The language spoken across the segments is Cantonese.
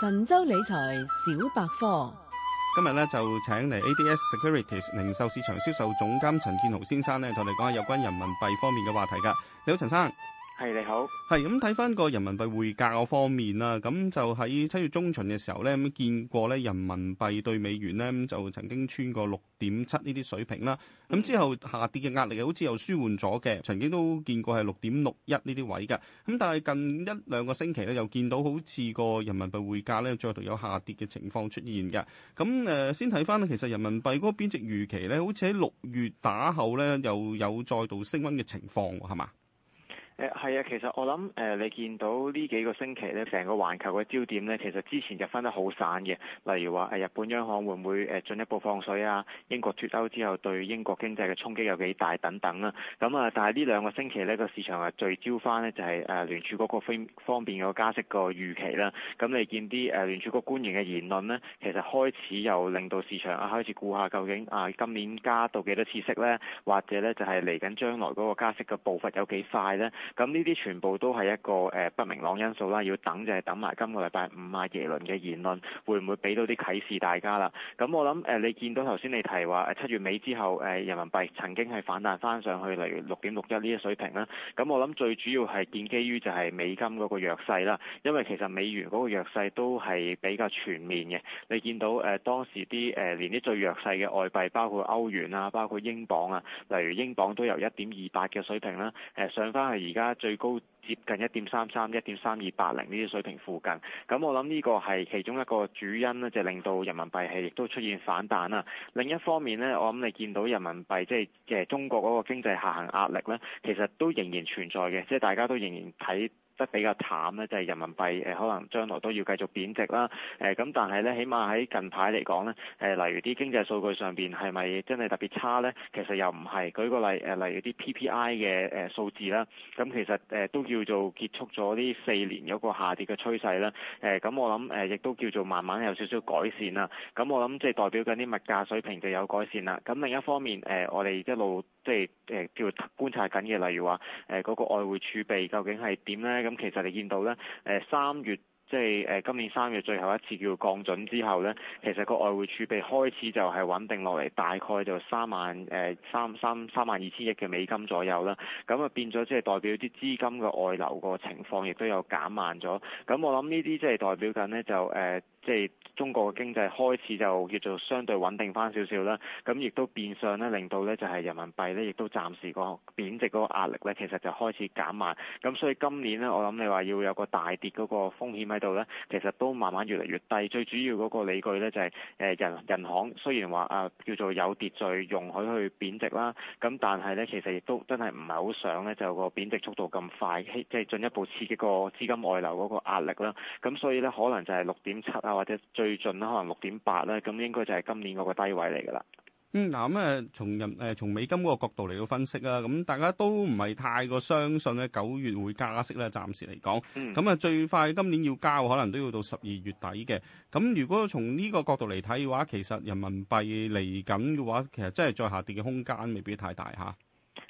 神州理財小百科，今日咧就請嚟 ADS Securities 零售市場銷售總監陳建豪先生咧，同你講下有關人民幣方面嘅話題噶。你好，陳生。係你好，係咁睇翻個人民幣匯價嗰方面啦，咁就喺七月中旬嘅時候咧，咁見過咧人民幣對美元咧，就曾經穿過六點七呢啲水平啦。咁之後下跌嘅壓力好似又舒緩咗嘅，曾經都見過係六點六一呢啲位嘅。咁但係近一兩個星期咧，又見到好似個人民幣匯價咧，再度有下跌嘅情況出現嘅。咁誒，先睇翻咧，其實人民幣嗰個貶值預期咧，好似喺六月打後咧，又有再度升溫嘅情況係嘛？是吧誒係啊，其實我諗誒、呃，你見到呢幾個星期呢，成個環球嘅焦點呢，其實之前就分得好散嘅，例如話日本央行會唔會誒進一步放水啊？英國脫歐之後對英國經濟嘅衝擊有幾大等等啦。咁啊，但係呢兩個星期呢個市場啊聚焦翻呢就係誒聯儲嗰個方面個加息個預期啦。咁你見啲誒聯儲個官員嘅言論呢，其實開始又令到市場啊開始估下究竟啊今年加到幾多次息呢，或者呢就係嚟緊將來嗰個加息嘅步伐有幾快呢。咁呢啲全部都係一個誒不明朗因素啦，要等就係、是、等埋今個禮拜五啊，耶倫嘅言論會唔會俾到啲啟示大家啦？咁我諗、呃、你見到頭先你提話誒七月尾之後、呃、人民幣曾經係反彈翻上去，例如六點六一呢啲水平啦。咁我諗最主要係建基於就係美金嗰個弱勢啦，因為其實美元嗰個弱勢都係比較全面嘅。你見到誒、呃、當時啲誒、呃、連啲最弱勢嘅外幣，包括歐元啊，包括英鎊啊，例如英鎊都由一點二八嘅水平啦、呃、上翻去。而家最高接近一點三三、一點三二八零呢啲水平附近，咁我諗呢個係其中一個主因啦，就令到人民幣係亦都出現反彈啦。另一方面呢，我諗你見到人民幣即係中國嗰個經濟下行壓力呢，其實都仍然存在嘅，即係大家都仍然睇。得比較慘咧，就係人民幣誒可能將來都要繼續貶值啦。誒咁，但係咧，起碼喺近排嚟講咧，誒例如啲經濟數據上面係咪真係特別差咧？其實又唔係。舉個例誒，例如啲 PPI 嘅誒數字啦，咁其實都叫做結束咗呢四年有個下跌嘅趨勢啦。誒咁我諗亦都叫做慢慢有少少改善啦。咁我諗即係代表緊啲物價水平就有改善啦。咁另一方面誒，我哋一路。即係，誒，叫觀察緊嘅，例如話，誒，嗰個外匯儲備究竟係點咧？咁其實你見到咧，誒，三月。即係今年三月最後一次叫降準之後呢，其實個外匯儲備開始就係穩定落嚟，大概就三萬三三三萬二千億嘅美金左右啦。咁啊變咗即係代表啲資金嘅外流個情況亦都有減慢咗。咁我諗呢啲即係代表緊呢，就誒，即係中國嘅經濟開始就叫做相對穩定翻少少啦。咁亦都變相呢，令到呢就係人民幣呢，亦都暫時個貶值嗰個壓力呢，其實就開始減慢。咁所以今年呢，我諗你話要有個大跌嗰個風險。度咧，其實都慢慢越嚟越低。最主要嗰個理據咧，就係誒人人行雖然話啊叫做有秩序容許去貶值啦，咁但係咧，其實亦都真係唔係好想咧，就個貶值速度咁快，即係進一步刺激個資金外流嗰個壓力啦。咁所以咧，可能就係六點七啊，或者最近啦，可能六點八啦，咁應該就係今年嗰個低位嚟㗎啦。嗯，嗱咁誒，從人誒從美金嗰個角度嚟到分析啦，咁大家都唔係太過相信咧，九月會加息咧，暫時嚟講，咁啊、嗯、最快今年要交可能都要到十二月底嘅。咁如果從呢個角度嚟睇嘅話，其實人民幣嚟緊嘅話，其實真係再下跌嘅空間未必太大吓，誒、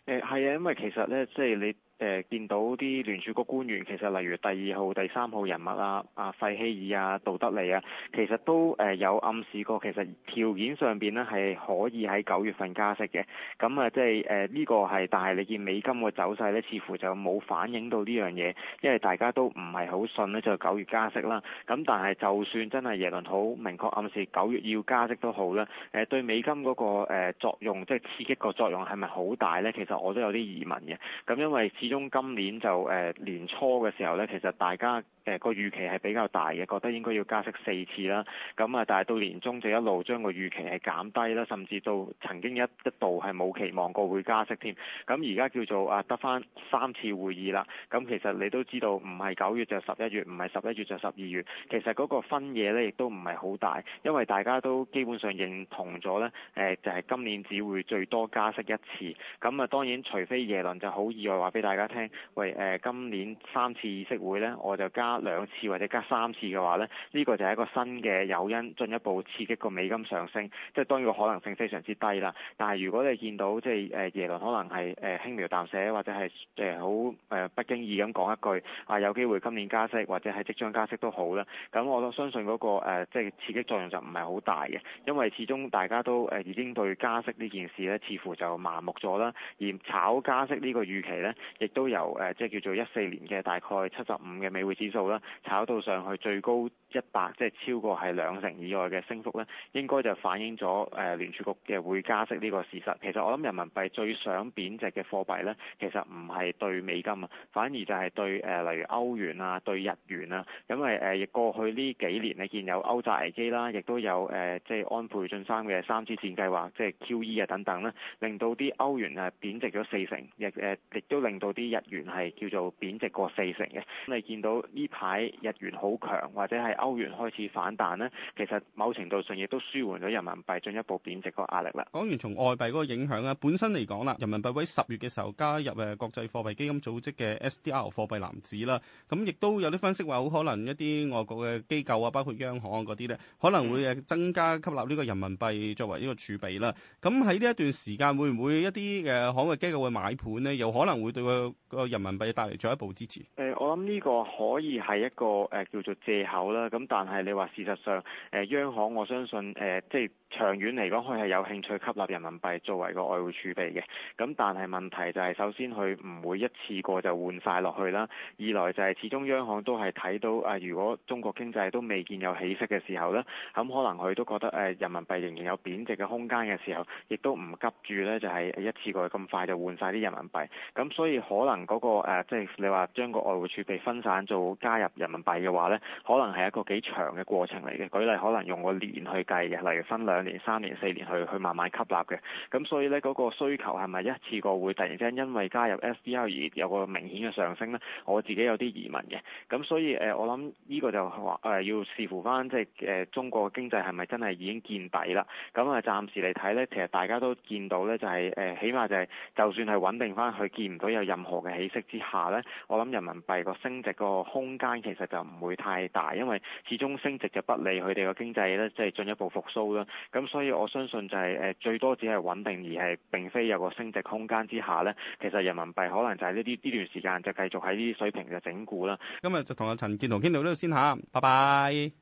嗯，係啊，因為其實咧，即係你。誒見到啲聯儲局官員其實例如第二號、第三號人物啊，啊費希爾啊、杜德利啊，其實都誒有暗示過其實條件上面呢，係可以喺九月份加息嘅，咁、就是、啊即係誒呢個係，但係你見美金嘅走勢呢，似乎就冇反映到呢樣嘢，因為大家都唔係好信呢，就九月加息啦。咁但係就算真係耶倫好明確暗示九月要加息都好啦，誒、啊、對美金嗰、那個、啊、作用，即、就、係、是、刺激個作用係咪好大呢？其實我都有啲疑問嘅，咁因為。中今年就誒、呃、年初嘅時候呢，其實大家誒個、呃、預期係比較大嘅，覺得應該要加息四次啦。咁啊，但係到年中就一路將個預期係減低啦，甚至到曾經一一度係冇期望過會加息添。咁而家叫做啊得返三次會議啦。咁其實你都知道，唔係九月就十一月，唔係十一月就十二月。其實嗰個分野呢亦都唔係好大，因為大家都基本上認同咗呢，誒、呃、就係、是、今年只會最多加息一次。咁啊，當然除非耶倫就好意外話俾大家。而家聽，喂、呃、今年三次議息會呢，我就加兩次或者加三次嘅話呢，呢、呢個就係一個新嘅誘因，進一步刺激個美金上升。即係當然個可能性非常之低啦。但係如果你見到即係耶倫可能係誒輕描淡寫或者係誒好不經意咁講一句啊，有機會今年加息或者係即將加息都好啦。咁我都相信嗰、嗰個、呃、即刺激作用就唔係好大嘅，因為始終大家都已經對加息呢件事呢，似乎就麻木咗啦。而炒加息呢個預期呢。都由誒，即係叫做一四年嘅大概七十五嘅美匯指數啦，炒到上去最高一百，即係超過係兩成以外嘅升幅咧，應該就反映咗誒聯儲局嘅會加息呢個事實。其實我諗人民幣最想貶值嘅貨幣咧，其實唔係對美金啊，反而就係對誒例如歐元啊、對日元啊，因為誒亦過去呢幾年咧見有歐債危機啦，亦都有誒即係安倍晉三嘅三支箭計劃，即係 Q E 啊等等啦，令到啲歐元啊貶值咗四成，亦誒亦都令到。嗰啲日元係叫做貶值過四成嘅，咁你見到呢排日元好強，或者係歐元開始反彈呢，其實某程度上亦都舒緩咗人民幣進一步貶值嗰個壓力啦。講完從外幣嗰個影響咧，本身嚟講啦，人民幣喺十月嘅時候加入誒國際貨幣基金組織嘅 SDR 貨幣籃子啦，咁亦都有啲分析話，好可能一啲外國嘅機構啊，包括央行嗰啲呢，可能會誒增加吸納呢個人民幣作為呢個儲備啦。咁喺呢一段時間會唔會一啲誒海外機構會買盤呢？又可能會對佢？個人民幣帶嚟進一步支持。誒、呃，我諗呢個可以係一個誒叫做借口啦。咁但係你話事實上，誒央行我相信誒即係長遠嚟講，佢係有興趣吸納人民幣作為個外匯儲備嘅。咁但係問題就係首先佢唔會一次過就換晒落去啦。二來就係始終央行都係睇到誒如果中國經濟都未見有起色嘅時候呢，咁可能佢都覺得誒人民幣仍然有貶值嘅空間嘅時候，亦都唔急住呢，就係一次過咁快就換晒啲人民幣。咁所以。可能嗰個即係你話將個外匯儲備分散做加入人民幣嘅話呢，可能係一個幾長嘅過程嚟嘅。舉例可能用個年去計嘅，例如分兩年、三年、四年去去慢慢吸納嘅。咁所以呢，嗰個需求係咪一次過會突然之間因為加入 SDR 而有個明顯嘅上升呢？我自己有啲疑問嘅。咁所以我諗呢個就話要視乎翻即係中國經濟係咪真係已經見底啦？咁啊暫時嚟睇呢，其實大家都見到呢、就係，就係起碼就係就算係穩定翻去，見唔到有任任何嘅起色之下呢，我諗人民幣個升值個空間其實就唔會太大，因為始終升值就不利佢哋個經濟呢，即係進一步復甦啦。咁所以我相信就係誒最多只係穩定，而係並非有個升值空間之下呢，其實人民幣可能就係呢啲呢段時間就繼續喺呢啲水平嘅整固啦。今日就同阿陳建豪傾到呢度先嚇，拜拜。